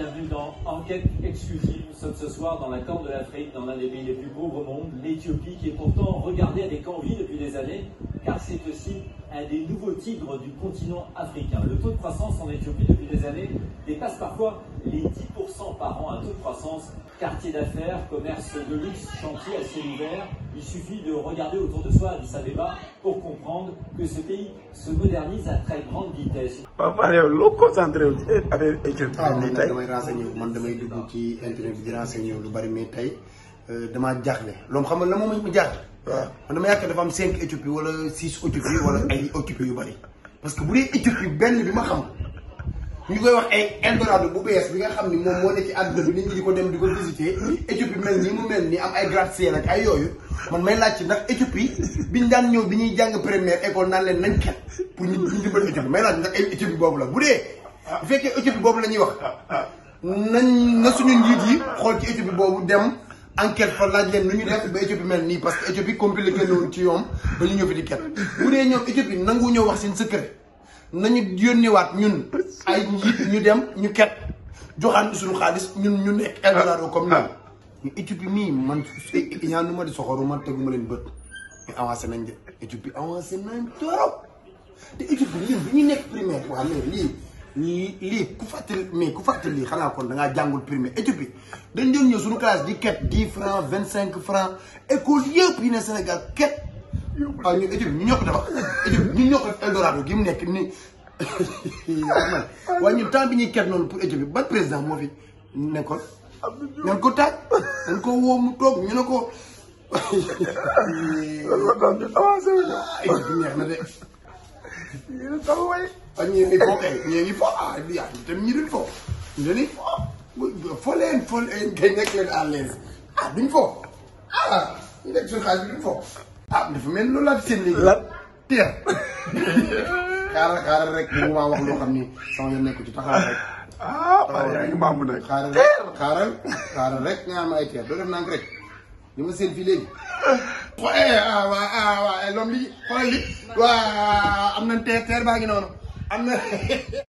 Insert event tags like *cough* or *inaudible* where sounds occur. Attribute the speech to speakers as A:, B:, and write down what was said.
A: bienvenue dans Enquête exclusive. Nous sommes ce soir dans la Corne de l'Afrique, dans l'un des pays les plus pauvres au monde, l'Éthiopie, qui est pourtant regardée avec envie depuis des années, car c'est aussi un des nouveaux tigres du continent africain. Le taux de croissance en Éthiopie depuis des années parfois les 10% par an, à taux de croissance. Quartier d'affaires, commerce de luxe, chantier à ciel ouvert. Il suffit de regarder autour de soi, à Abeba, pour comprendre que ce pays se modernise à très grande vitesse.
B: papa yow loo concentré wu avec équipe bi tey damay renseigné man damay dugg ci internet di renseigné lu bari mais tey euh, damaa jaaxle loolu xam nga la moom ma jaaxle. waaw ah. man dama yaakaar dafa am cinq Éthiopie wala six Éthiopie wala ay Éthiopie yu bari parce que bu dee Éthiopie benn bi ma xam. ñu koy wax ay Eldorado bu bees bi nga xam ni moom moo ne ci àdduna bi nit ñi di ko dem di ko visiter Éthiopie mel nii mu mel nii am ay gratte-ciel ak ay yooyu man may laaj ci ndax Éthiopie biñ daan ñëw bi ñuy jàng première école naan leen nañ pour ñu ñu laaj ndax boobu la bu dee bu fekkee boobu la ñuy wax nañ na suñu njiit yi xool ci Éthiopie boobu dem enquête fa laaj leen nu ñu def ba Éthiopie mel nii parce que Éthiopie compliqué woon ci yoom ba ñu ñëw fi di kenn bu dee ñoom Éthiopie nangu ñoo wax seen kër nañu yónniwaat ñun ay ñu dem ñu ket joxaan suñu xaalis ñun ñu nekk Eldorado comme ni Éthiopie mii man ñaanu ma di soxoru man teguma leen bët mais avancé nañ de Éthiopie avancé nañ torop te Éthiopie yéen bi ñu nekk primaire waa mais lii lii ku fàttali mais ku fàttali lii xanaa kon da ngaa jàngul primaire Éthiopie dañ doon ñëw suñu classe di ket dix franc vingt cinq franc école yëpp yi ne Sénégal ket waaw ñun Éthiopie ñu ñoo ko defar Éthiopie ñu ñoo ko def Eldorado gi mu nekk nii waaye ñun temps bi ñuy ket noonu pour Éthiopie ban président moo fi nekkoon. nañ ko taaj nañ ko woo mu toog ñu ne ko. loolu la doon ñu na de. Ah, ah, ñu ne taw waay. ak ñi ngi fo kay ñu fo ñu dañuy fo fo leen fo leen kay nekk leen à ah, duñ fo ñu nekk suñu xaalis bi duñ fo. ah dafa mel lu laaj seen léegi. lan teex. *laughs* xaaral xaaral rek bu ma wax loo xam ni ah, ngi rek nga ma seen fii léegi. xool *laughs* ah waa ah, waa eh, loolu li waa am na teer teer baa ngi noonu *laughs*